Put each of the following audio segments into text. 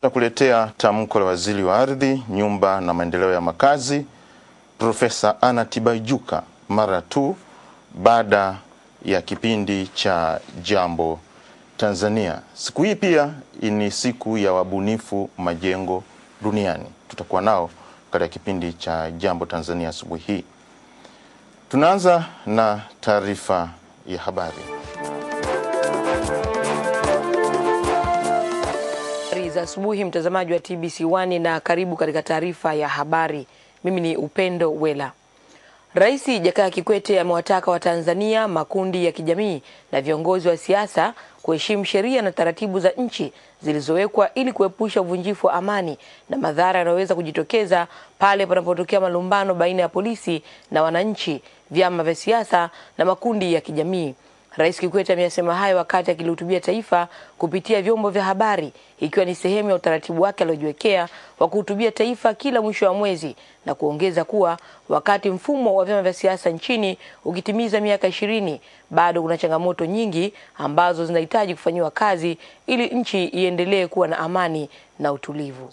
Tunakuletea tamko la waziri wa ardhi, nyumba na maendeleo ya makazi Profesa Anna Tibaijuka mara tu baada ya kipindi cha Jambo Tanzania. Siku hii pia ni siku ya wabunifu majengo duniani, tutakuwa nao katika kipindi cha Jambo Tanzania asubuhi hii. Tunaanza na taarifa ya habari. za asubuhi, mtazamaji wa TBC1 na karibu katika taarifa ya habari. Mimi ni Upendo Wela. Rais Jakaya Kikwete amewataka Watanzania, makundi ya kijamii na viongozi wa siasa kuheshimu sheria na taratibu za nchi zilizowekwa ili kuepusha uvunjifu wa amani na madhara yanayoweza kujitokeza pale panapotokea malumbano baina ya polisi na wananchi, vyama vya siasa na makundi ya kijamii. Rais Kikwete amesema hayo wakati akilihutubia taifa kupitia vyombo vya habari ikiwa ni sehemu ya utaratibu wake aliojiwekea wa kuhutubia taifa kila mwisho wa mwezi na kuongeza kuwa wakati mfumo wa vyama vya siasa nchini ukitimiza miaka ishirini bado kuna changamoto nyingi ambazo zinahitaji kufanyiwa kazi ili nchi iendelee kuwa na amani na utulivu.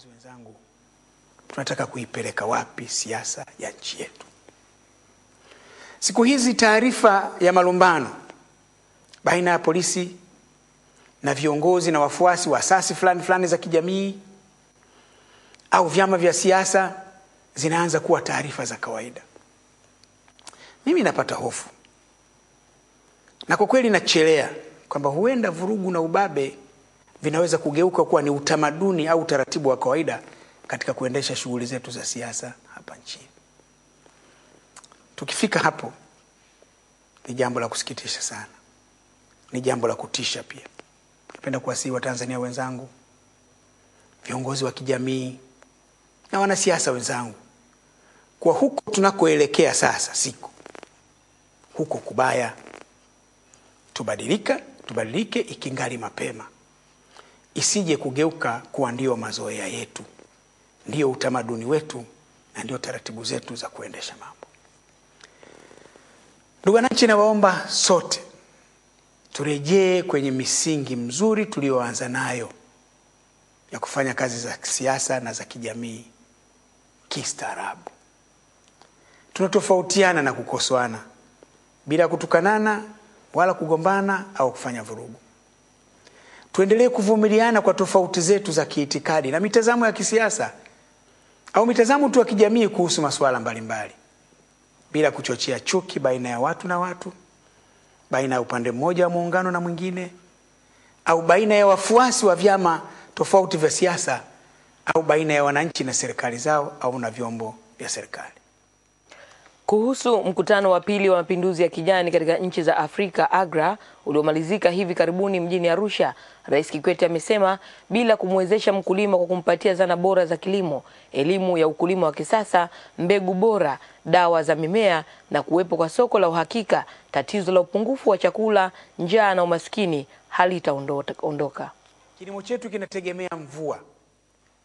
Tunataka kuipeleka wapi siasa ya nchi yetu? Siku hizi taarifa ya malumbano baina ya polisi na viongozi na wafuasi wa asasi fulani fulani za kijamii au vyama vya siasa zinaanza kuwa taarifa za kawaida. Mimi napata hofu na kwa kweli nachelea kwamba huenda vurugu na ubabe vinaweza kugeuka kuwa ni utamaduni au utaratibu wa kawaida katika kuendesha shughuli zetu za siasa hapa nchini. Tukifika hapo, ni jambo la kusikitisha sana ni jambo la kutisha pia. Napenda kuwasihi Watanzania wenzangu, viongozi wa kijamii na wanasiasa wenzangu, kwa huko tunakoelekea sasa, siko huko kubaya. Tubadilika, tubadilike ikingali mapema, isije kugeuka kuwa ndio mazoea yetu, ndio utamaduni wetu na ndio taratibu zetu za kuendesha mambo. Ndugu wananchi, nawaomba sote turejee kwenye misingi mzuri tuliyoanza nayo ya kufanya kazi za kisiasa na za kijamii kistaarabu. Tunatofautiana na kukosoana bila kutukanana wala kugombana au kufanya vurugu. Tuendelee kuvumiliana kwa tofauti zetu za kiitikadi na mitazamo ya kisiasa au mitazamo tu ya kijamii kuhusu masuala mbalimbali bila kuchochea chuki baina ya watu na watu baina ya upande mmoja wa muungano na mwingine au baina ya wafuasi wa vyama tofauti vya siasa au baina ya wananchi na serikali zao au na vyombo vya serikali. Kuhusu mkutano wa pili wa mapinduzi ya kijani katika nchi za Afrika AGRA uliomalizika hivi karibuni mjini Arusha, Rais Kikwete amesema bila kumwezesha mkulima kwa kumpatia zana bora za kilimo, elimu ya ukulima wa kisasa, mbegu bora, dawa za mimea na kuwepo kwa soko la uhakika, tatizo la upungufu wa chakula, njaa na umaskini hali itaondoka. Kilimo chetu kinategemea mvua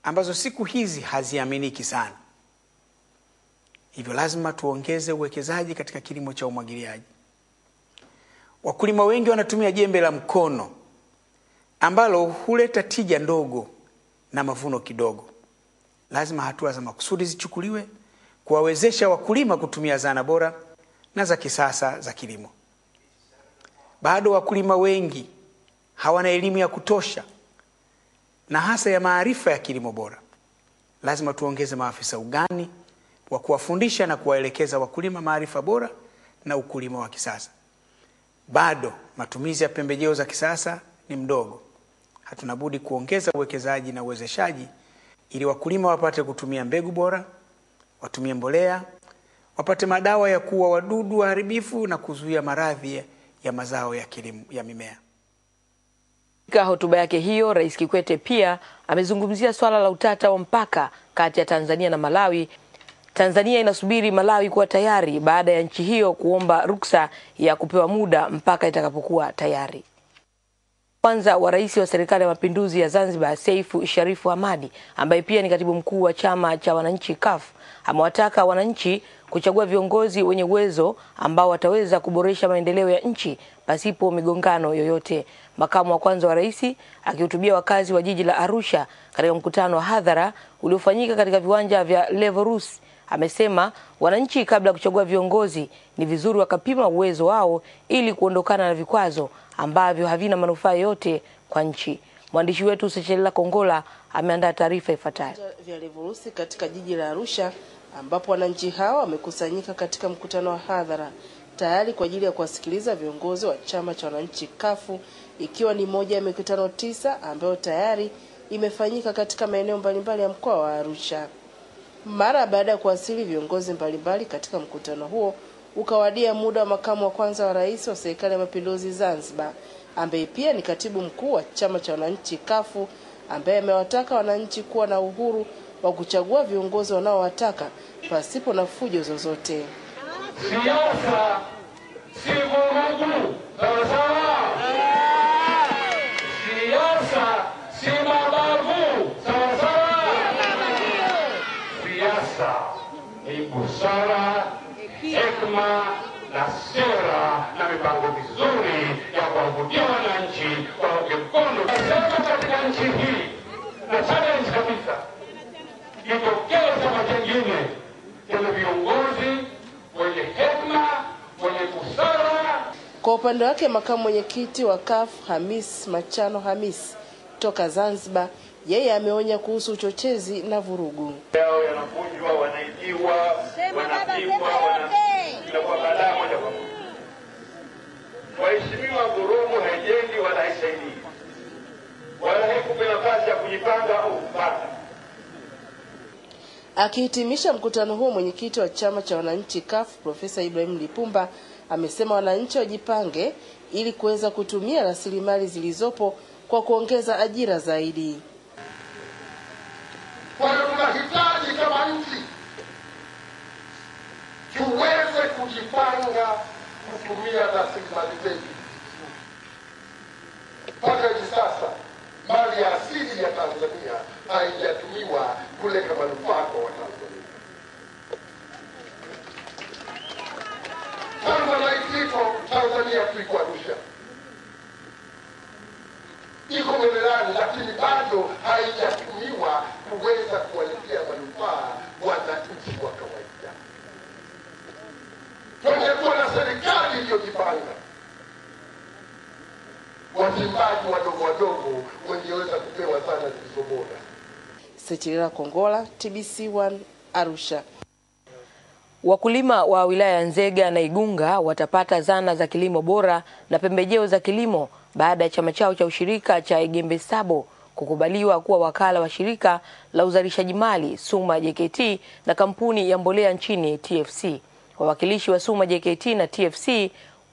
ambazo siku hizi haziaminiki sana. Hivyo lazima tuongeze uwekezaji katika kilimo cha umwagiliaji. Wakulima wengi wanatumia jembe la mkono ambalo huleta tija ndogo na mavuno kidogo. Lazima hatua za makusudi zichukuliwe kuwawezesha wakulima kutumia zana bora na za kisasa za kilimo. Bado wakulima wengi hawana elimu ya kutosha na hasa ya maarifa ya kilimo bora. Lazima tuongeze maafisa ugani wa kuwafundisha na kuwaelekeza wakulima maarifa bora na ukulima wa kisasa. Bado matumizi ya pembejeo za kisasa ni mdogo. Hatuna budi kuongeza uwekezaji na uwezeshaji ili wakulima wapate kutumia mbegu bora, watumie mbolea, wapate madawa ya kuua wadudu waharibifu na kuzuia maradhi ya mazao ya kilimo ya mimea. Katika hotuba yake hiyo, Rais Kikwete pia amezungumzia swala la utata wa mpaka kati ya Tanzania na Malawi. Tanzania inasubiri Malawi kuwa tayari baada ya nchi hiyo kuomba ruksa ya kupewa muda mpaka itakapokuwa tayari. Kwanza wa rais wa serikali ya mapinduzi ya Zanzibar Seifu Sharifu Hamadi ambaye pia ni katibu mkuu wa chama cha wananchi CUF amewataka wananchi kuchagua viongozi wenye uwezo ambao wataweza kuboresha maendeleo ya nchi pasipo migongano yoyote. Makamu wa kwanza wa rais akihutubia wakazi wa jiji la Arusha katika mkutano wa hadhara uliofanyika katika viwanja vya Levorus Amesema wananchi kabla ya kuchagua viongozi ni vizuri wakapima uwezo wao ili kuondokana na vikwazo ambavyo havina manufaa yote kwa nchi. Mwandishi wetu Sechelela Kongola ameandaa taarifa ifuatayo. Vya virusi katika jiji la Arusha ambapo wananchi hao wamekusanyika katika mkutano wa hadhara tayari kwa ajili ya kuwasikiliza viongozi wa chama cha wananchi kafu ikiwa ni moja ya mikutano tisa ambayo tayari imefanyika katika maeneo mbalimbali ya mkoa wa Arusha. Mara baada ya kuwasili viongozi mbalimbali katika mkutano huo, ukawadia muda wa makamu wa kwanza wa rais wa serikali ya mapinduzi Zanzibar, ambaye pia ni katibu mkuu wa chama cha wananchi kafu ambaye amewataka wananchi kuwa na uhuru wa kuchagua viongozi wanaowataka pasipo na fujo zozote. Siasa si vurugu, sawasawa. ni busara, hekma na sera na mipango mizuri ya kuwavutia wananchi waunge mkono sasa katika nchi hii. Na challenge kabisa itokee chama chengine chenye viongozi wenye hekma wenye busara. Kwa upande wake makamu mwenyekiti wa CUF Hamis Machano Hamis toka Zanzibar yeye ameonya kuhusu uchochezi na vurugu. Yao yanavunjwa, wanaibiwa, wanapigwa, kwa baadaye moja kwa moja. Waheshimiwa, vurugu haijengi wala haisaidii wala haikupe nafasi ya kujipanga au kupata Akihitimisha mkutano huo, mwenyekiti wa chama cha wananchi CUF Profesa Ibrahim Lipumba amesema wananchi wajipange ili kuweza kutumia rasilimali zilizopo kwa kuongeza ajira zaidi. kujipanga kutumia rasilimali zetu. Mpaka hivi sasa mali ya asili ya Tanzania haijatumiwa kuleta manufaa kwa Watanzania. Tanzanite iko Tanzania tu iko Arusha, iko Mererani, lakini bado haijatumiwa kuweza kuwa kilichojipanga, wachimbaji wadogo wadogo wengeweza kupewa sana zilizobora. bora. Sechilela Kongola, TBC1 Arusha. Wakulima wa wilaya ya Nzega na Igunga watapata zana za kilimo bora na pembejeo za kilimo baada ya chama chao cha ushirika cha Egembe Sabo kukubaliwa kuwa wakala wa shirika la uzalishaji mali SUMA JKT na kampuni ya mbolea nchini TFC. Wawakilishi wa SUMA JKT na TFC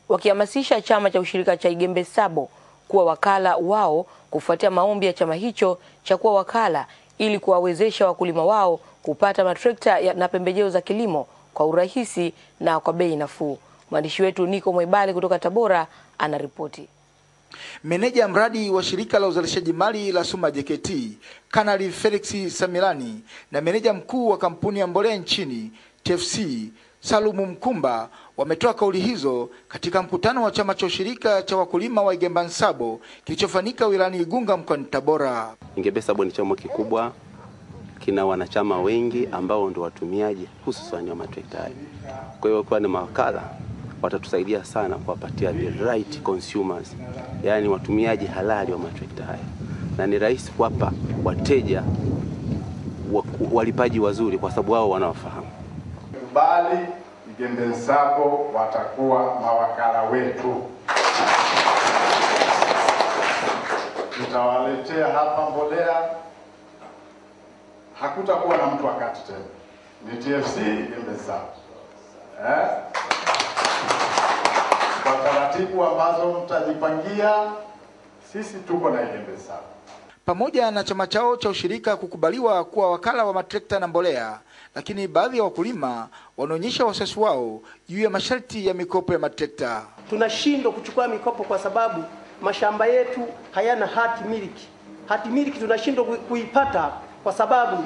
wakihamasisha chama cha ushirika cha Igembe Sabo kuwa wakala wao kufuatia maombi ya chama hicho cha kuwa wakala ili kuwawezesha wakulima wao kupata matrekta na pembejeo za kilimo kwa urahisi na kwa bei nafuu. Mwandishi wetu Niko Mwebale kutoka Tabora anaripoti. Meneja mradi wa shirika la uzalishaji mali la SUMA JKT Kanali Felix Samilani na meneja mkuu wa kampuni ya mbolea nchini TFC Salumu Mkumba wametoa kauli hizo katika mkutano wa chama cha ushirika cha wakulima wa Igemba Nsabo kilichofanyika wilani Igunga mkoani Tabora. Igemba Nsabo ni chama kikubwa, kina wanachama wengi ambao ndio watumiaji hususan wa matrekta hayo. Kwa hiyo kwa ni mawakala watatusaidia sana kuwapatia the right consumers, yaani watumiaji halali wa matrekta haya, na ni rahisi kuwapa wateja walipaji wazuri, kwa sababu wao wanawafahamu bali Igembe Nsako watakuwa mawakala wetu. Tutawaletea hapa mbolea, hakutakuwa na mtu wakati tena, ni TFC Igembe Nsako eh? Kwa taratibu ambazo mtajipangia, sisi tuko na Igembe Nsako pamoja na chama chao cha ushirika kukubaliwa kuwa wakala wa matrekta na mbolea lakini baadhi ya wakulima wanaonyesha wasiwasi wao juu ya masharti ya mikopo ya matrekta. Tunashindwa kuchukua mikopo kwa sababu mashamba yetu hayana hati miliki. Hati miliki tunashindwa kuipata kwa sababu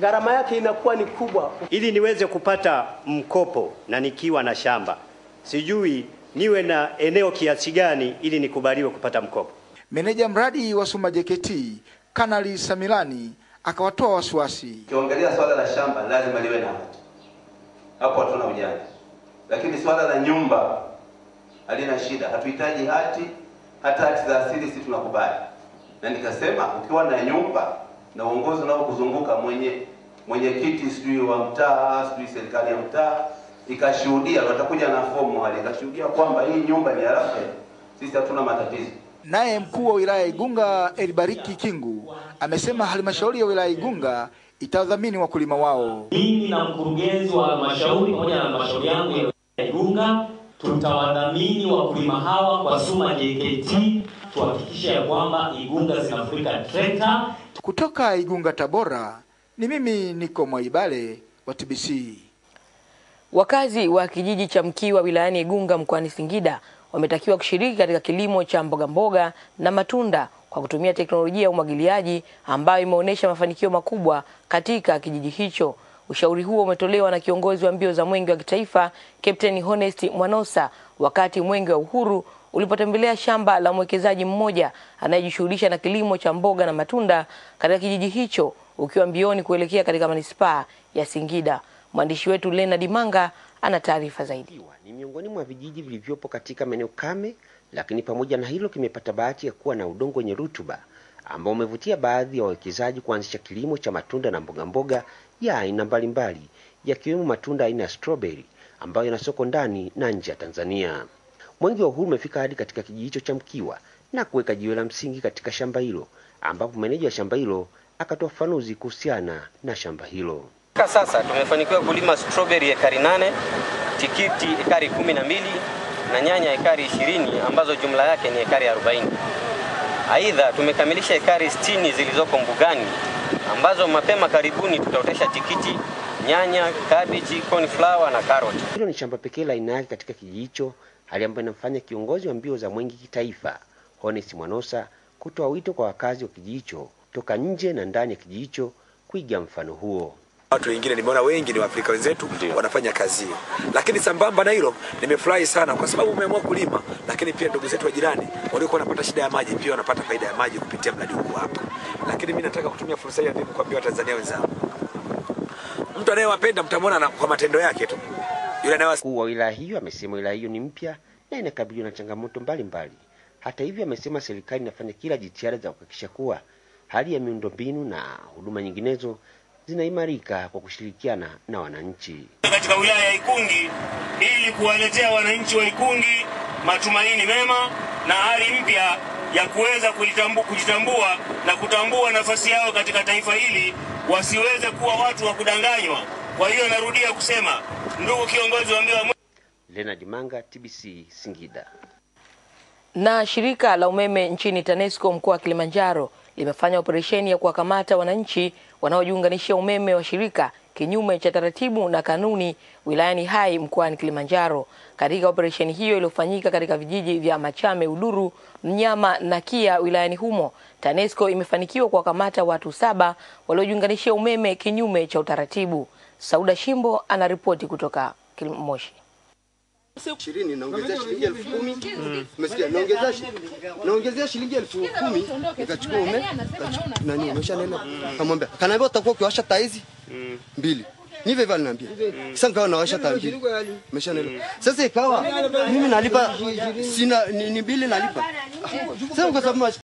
gharama yake inakuwa ni kubwa. Ili niweze kupata mkopo na nikiwa na shamba, sijui niwe na eneo kiasi gani ili nikubaliwe kupata mkopo. Meneja mradi wa SUMA JKT Kanali Samilani akawatoa wasiwasi. Ukiangalia swala la shamba lazima liwe na watu, hapo hatuna ujanja, lakini swala la nyumba halina shida, hatuhitaji hati, hata hati za asili si tunakubali. Na nikasema ukiwa na nyumba na uongozi unaokuzunguka mwenye mwenyekiti sijui wa mtaa sijui serikali ya mtaa ikashuhudia, watakuja na fomu wale, ikashuhudia kwamba hii nyumba ni haramu, sisi hatuna matatizo Naye mkuu wa wilaya Igunga Elibariki Kingu amesema halmashauri ya wilaya Igunga itadhamini wakulima wao. Mimi na mkurugenzi wa halmashauri pamoja na halmashauri yangu ya Igunga tutawadhamini wakulima hawa kwa SUMA JKT tuhakikishe ya kwamba Igunga zinafurika trekta. Kutoka Igunga Tabora ni mimi niko Mwaibale wa TBC. Wakazi wa kijiji cha Mkiwa wilayani Igunga mkoani Singida wametakiwa kushiriki katika kilimo cha mbogamboga mboga na matunda kwa kutumia teknolojia ya umwagiliaji ambayo imeonyesha mafanikio makubwa katika kijiji hicho. Ushauri huo umetolewa na kiongozi wa mbio za Mwenge wa Kitaifa Captain Honest Mwanosa wakati Mwenge wa Uhuru ulipotembelea shamba la mwekezaji mmoja anayejishughulisha na kilimo cha mboga na matunda katika kijiji hicho ukiwa mbioni kuelekea katika manispaa ya Singida. Mwandishi wetu Lena Manga ana taarifa zaidi. Ni miongoni mwa vijiji vilivyopo katika maeneo kame, lakini pamoja na hilo kimepata bahati ya kuwa na udongo wenye rutuba ambao umevutia baadhi ya wawekezaji kuanzisha kilimo cha matunda na mbogamboga ya aina mbalimbali yakiwemo matunda aina ya strawberry ambayo yana soko ndani na nje ya Tanzania. Mwenge wa Uhuru umefika hadi katika kijiji hicho cha Mkiwa na kuweka jiwe la msingi katika shamba hilo, ambapo meneja wa shamba hilo akatoa ufafanuzi kuhusiana na shamba hilo. Mpaka sasa tumefanikiwa kulima strawberry ekari nane, tikiti ekari kumi na mbili na nyanya ekari ishirini ambazo jumla yake ni ekari arobaini. Aidha, tumekamilisha ekari sitini zilizoko mbugani ambazo mapema karibuni tutaotesha tikiti, nyanya, cabbage, cornflower na carrot. Hilo ni shamba pekee la aina yake katika kijiji hicho, hali ambayo inamfanya kiongozi wa mbio za mwengi kitaifa Honest Mwanosa kutoa wito kwa wakazi wa kijiji hicho toka nje na ndani ya kijiji hicho kuiga mfano huo watu wengine nimeona wengi ni Waafrika wenzetu wanafanya kazi hiyo. Lakini sambamba na hilo, nimefurahi sana kwa sababu umeamua kulima, lakini pia ndugu zetu wa jirani waliokuwa wanapata shida ya maji pia wanapata faida ya maji kupitia mradi huu hapa. Lakini mimi nataka kutumia fursa hii adhimu kuambia Watanzania wenzangu, mtu anayewapenda mtamwona kwa matendo yake tu. Yule anayewa... Mkuu wa wilaya hiyo amesema wilaya hiyo ni mpya na inakabiliwa na changamoto mbalimbali mbali. Hata hivyo, amesema serikali inafanya kila jitihada za kuhakikisha kuwa hali ya miundombinu na huduma nyinginezo zinaimarika kwa kushirikiana na wananchi katika wilaya ya Ikungi ili kuwaletea wananchi wa Ikungi matumaini mema na hali mpya ya kuweza kujitambua na kutambua nafasi yao katika taifa hili, wasiweze kuwa watu wa kudanganywa. Kwa hiyo narudia kusema, ndugu kiongozi wa Mbeya. Leonard Manga, TBC, Singida. Na shirika la umeme nchini TANESCO mkoa wa Kilimanjaro limefanya operesheni ya kuwakamata wananchi wanaojiunganishia umeme wa shirika kinyume cha taratibu na kanuni wilayani Hai mkoani Kilimanjaro. Katika operesheni hiyo iliyofanyika katika vijiji vya Machame, Uduru, Mnyama na Kia wilayani humo, TANESCO imefanikiwa kuwakamata watu saba waliojiunganishia umeme kinyume cha utaratibu. Sauda Shimbo anaripoti kutoka Moshi ishirini naongezea shilingi elfu kumi umesikia? Naongezea naongezea shilingi elfu kumi nikachukua ume nani umesha kamwambia kanaambia utakuwa ukiwasha taa hizi mm. mbili ni vivyo aliniambia. Sasa nikawa nawasha taa mbili umesha nena. Sasa ikawa mimi nalipa sina ni, ni bili nalipa sasa kwa sababu